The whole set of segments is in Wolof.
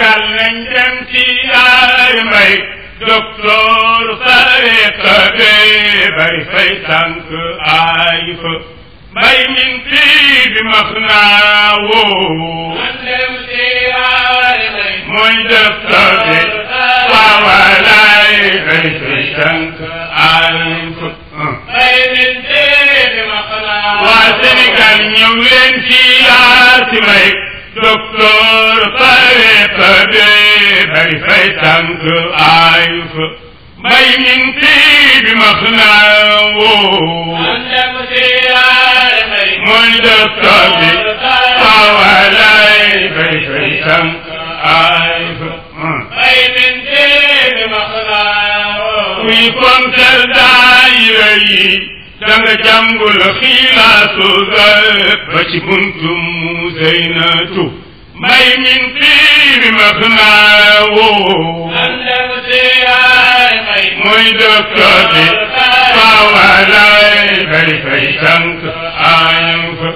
kal nañ dem ci yaay mbay docteur sareeta be bay fay tànk ay fa mbay min fii bi max naa woo mooy docteur bi waawalaay bay fay tànk ay bari fay tànk aayu fa mbay min tii bi max naa woo mooy docteur bi xawalaay fay fay tànk aayu fa mbay min tii bi max naa woo kuy kontel daayira yi da nga jàngul xiilaasu ba ci buntum Musaynatu may min fii mag naa woo. muy docteur bi. waawalaay bay fay tànk aayam fa.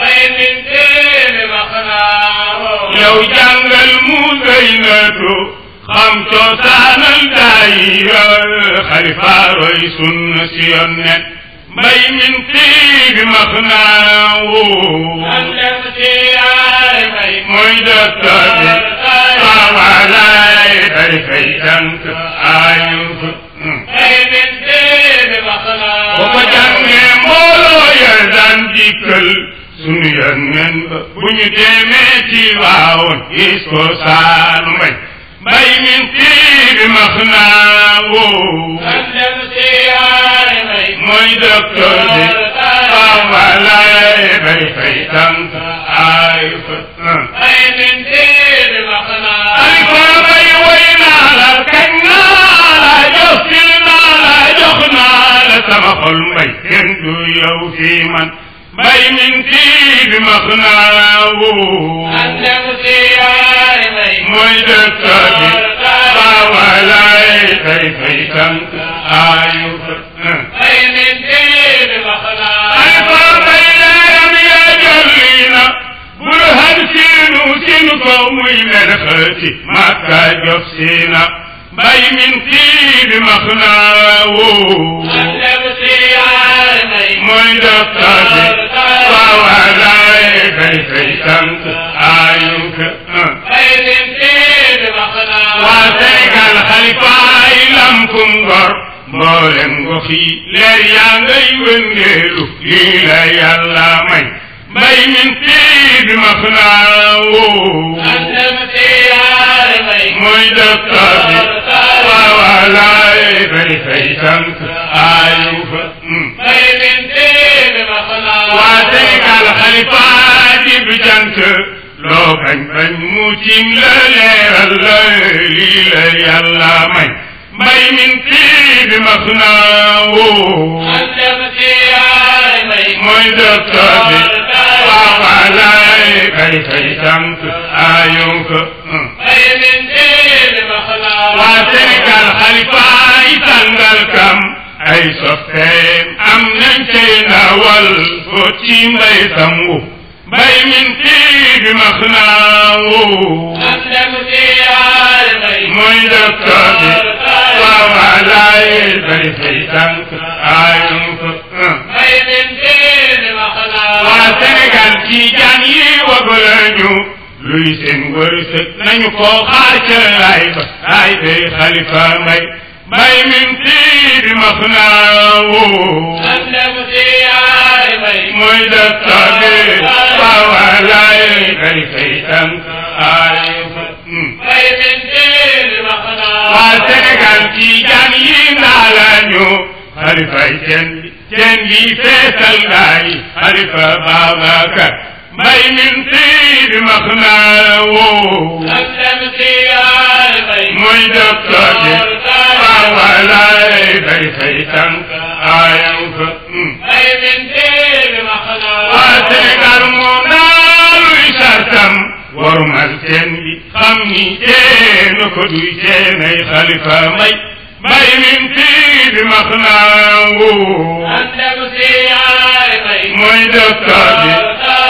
may min fii mag naa woo. yow jàngal mu ngay natu. xam coosaanal daayira xalifa roy sunna si yoon nekk. mbay min fii bi max naa woo. andem ci yaay fay. mooy docteur bi waawalaay day fay jànk ayub. mbay min fii bi max naa woo. boo ko jàngee mbooloo yar daan dikkal sunu yan nen ba bu ñu demee ci waawoon gis ko Saalum Mbay. mbay min fii bi max naa woo. lan dem si yaay bay. mooy docteur bi. waaw walaay bay fay tànk ay fa. mbay min fii bi max naa. ay fa bay woy naa la kañ naa la jox fil naa la jox naa la sama xol mbay kenn du yow fii man. mbay min fii bi max naa woo. الملك مكة جفسينا باي من تيب مخناو موي دفتر وعلي كيفي تمت عينك باي من تيب مخناو واتيك الخليفة لم كنغر مولم غخي لريان غيوان غيرو ليلا يلا مي mbay min fii bi ma xanaa woo. mooy bi. waaw waaw fay sant ayu fa. mbay hmm. bi waa Sénégal xalifa ji bu jant. loo bañ bañ mu la leeral la lii la yàlla may. mbay min fii bi ma xanaa woo. mooy bi. وعليك كي شمس آيوك من دين مخلا وتلك الخلفة تنقلكم ay soppeem am nañ cay naawal foo ci mbay sangu mbay min fii bi max naawu am dem ci yaare mbay mooy docteur bi waaw alaay bari fay tànk aayum ko mbay min waa Sénégal ci jaan yi wagu lañu luy seen wërsëg nañu ko xaar ca laay ba laay xalifa mbay mbay min siidi max naawu mooy dëkka hmm. bi waawalaay xalifa itam mbay min siidi max naawu waa Sénégal ci jaan yi naa lañu xalifa itam ceen gi feesal ngaay xalifa Babacar mbay min siidi max naa woo muy docteur bi waawalaay bay fay tànk aayam fa waa Sénégal moo naa luy sartam warmal ceen bi xam ni ceenu ko duy ceenay xalifa may maxnaaw mooy dokta bi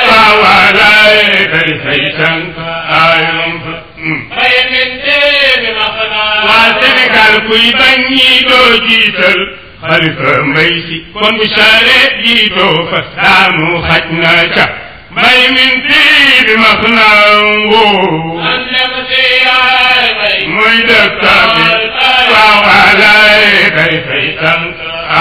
waawalaay mm. kay fay tànk ayom fa waa Sénégal kuy bañ ñi doo jiital xalifa mbay si kon bu saare jiitoo fa daanu xaj na ca may min fii bi mas nangu muy def tabi waaw alay kay fay tan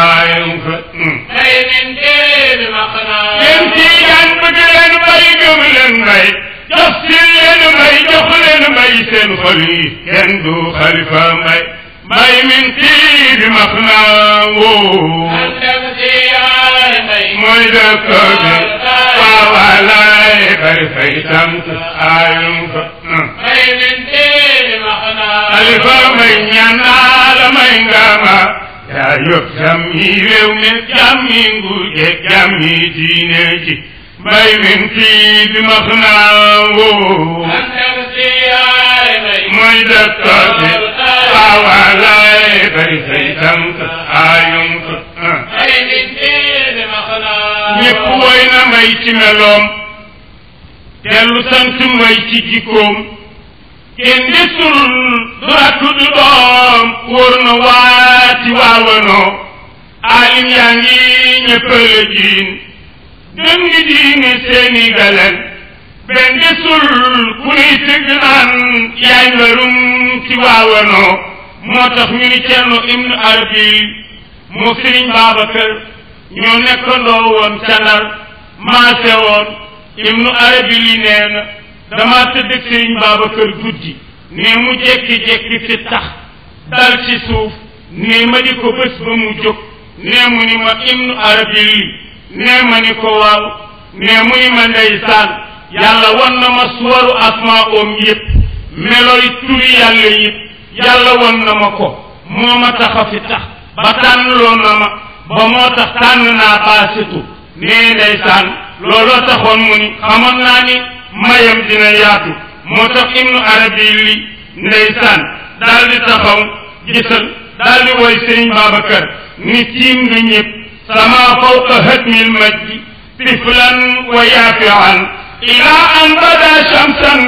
aayum fa mm. may min fii bi mas nangu yéen ci yan bëgg leen may gëm leen may jox si leen may jox leen may seen xol yi kenn du xalifa may may min fii bi mas nangu mooy docteur bi waaw waaw laay bari fay sant ayum ko. alifa may ñanaala may ngama yaa yóbb jàmm yi réew mi jàmm yi nguur geeg jàmm yi diine ji bay min fii bi max naa woo. mooy docteur bi waaw waaw laay bari fay sant ayum ñépp woy na may ci meloom dellu sant may ci jikkoom kenn desul du rakk du doom wóor na waati waawanoo aalim yaa ngi ñëppala jiin dën ngi diine seeni galen benn desul ku nuy tëgg naan yaay ngarum ci waawanoo moo tax ñu ni Cerno ibnu Arabi moo Sëriñ Babacar ñoo nekkandoo woon ca Ndar maase woon Ibnu Arabi li nee na dama tëdd ak Sëriñ Babacar guddi ne mu jekki-jekki fi dal ci suuf ne ma di ko bés ba mu jóg ne mu ni ma Ibnu Arabi li ne ma ni ko waaw ne mu ni ma ndeysaan yàlla wan na ma suwaru asmaa oom yëpp melooy turi yàlla yëpp yàlla wan na ma ko moo ma tax a ba tànnloo na ma ba moo tax tànn naa baasitu nee ndeysaan looloo taxoon mu ni xamoon naa ni mayam dina yaatu moo tax ibnu arabi li ndeysaan daal di taxaw gisal daal di woy ni tiim nga ñëpp sama fawqa hatmil majdi tiflan wa yaafian ila an bada shamsan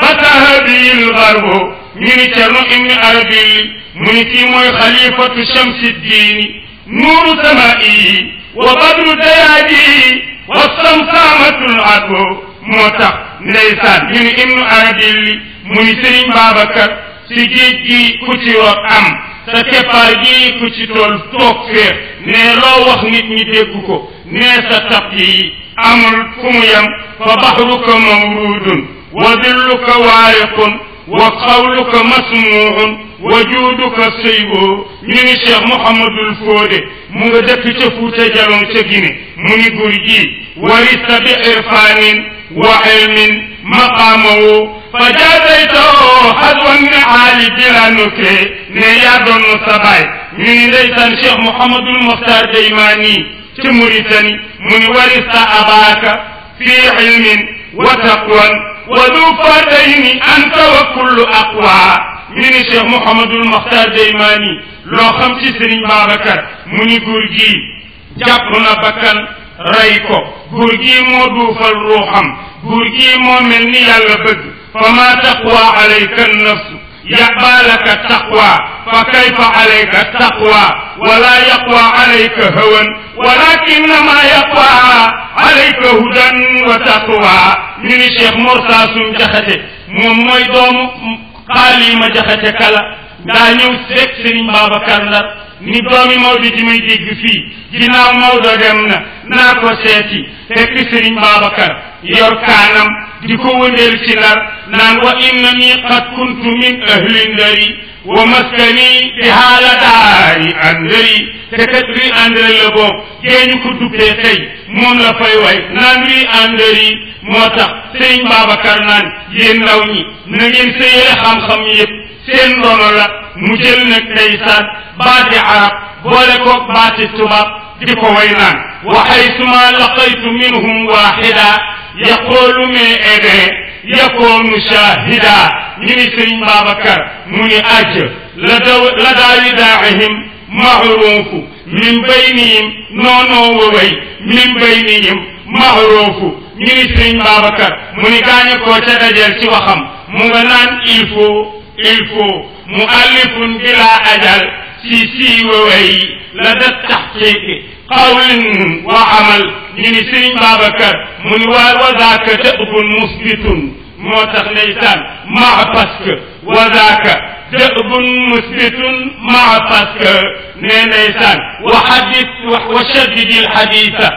fatahabil garbu ñu ni Cerno Ibnu Arabi mu ni kii mooy xalifatu Shamsi diini nuuru samaa'i wa badru dayaadi wa samsaamatul ado moo tax ndeysaan ñu ni Ibnu Arabi mu ni Sëriñ Babacar si géej gi ku ci am sa keppaar gi ku ci ne loo wax nit ñi ko ne sa tap yi amul fu mu fa baxruka mawruudun wa dilluka waariqun wa qawluka masmuuxun wa juuduka sëyboo ñu ni cheikh mouhamadul fóode mu nga dëkk ca fuuta jalon ca gine mu ni gur ji warisa bi irfaanin wa ilmin maqaamawo fa jaadaytoo xadwan niaali bila nukkee ne yaa doon sa baay ñu ni ndeysaan cheikh mouhamadul moxtar daymaani ca muritani mu ni warisa abaaka fii ilmin wa taqwan walufatayni anta wa kullu aqwa mi ni cheikh mouhamadul moxtar deymaani loo xam ci sëriñ babacar mu ni góor gii jàpp na bakkan rey ko góor gii moo duufal ruuxam góor gii moo mel ni yàlla bëgg fa maa taqwa alayka nafsu yaqbaalaka taqwa fa kayfa alayka taqwa wala yaqwa alayka hawan walakinna ma yaqwa alayka hudan wa taqwa ñu ni cheikh morsa suñ jaxate moom mooy doomu xaalima jaxate kala daa ñëw seeg sëriñ Babacar Ndar ni doomi Maodo ji may dégg fii ginnaaw Maodo dem na naa ko seeti fekk sëriñ Babacar yor di ko wëndeel ci Ndar naan wa inna qad kuntu min ahli ndari ومسكني بحال داري أندري تكتري أندري لبوك جيني كتب تيتي moom la fay way naan wi àndari moo tax sëñ Babacar naan yéen ndaw ñi na ngeen sëyee xam-xam yëpp seen ndono la mu jël nag ndeysaan baati arab boole ko baati tubaab di ko wa haysuma laqaytu minhum waxida yaqoolu me ede yakoonu shahida ñu ni sëriñ Babacar mu ni ajj la daw la daawi daahihim mahruufu min baynihim noonoo waway min baynihim mahruufu ñu ni sëriñ Babacar mu ni gaañe koo ca dajeel ci waxam mu nga naan il faut il faut mu allifun bila ajal si sii waway la da taxqiqi qawlin wa amal ñu ni sëriñ Babacar mu ni waa wa zaaka tëbun musbitun moo tax ndeysaan maa paske wadaaka dëbun musbitun maa paske ne ndeysaan wa xadit wa shaddidil xadita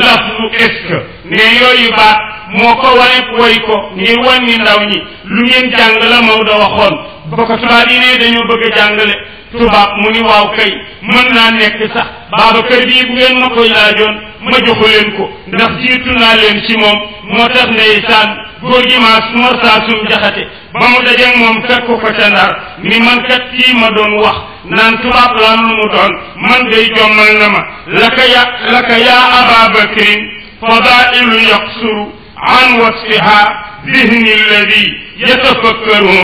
lafdu est ce ne yooyu baat moo ko waneeg woy ko ngir wan ni ndaw ñi lu ngeen jàng la Maodo waxoon ba ko yi ne dañoo bëgg a jàngale tubaab mu ni waaw kay mën naa nekk sax baaba kër bii bu ngeen ma koy laajoon ma joxu leen ko ndax jiitu naa leen ci moom moo tax ndeysaan góor gi maas Umar Saasum ba mu dajeeg moom fekk ko ca Ndar ni man kat ma doon wax naan tubaab laan mu doon man day jommal na ma laka ya laka yaa Aba Bakrin fadailu yaqsuru an wasfiha dihni alladi yatafakkaru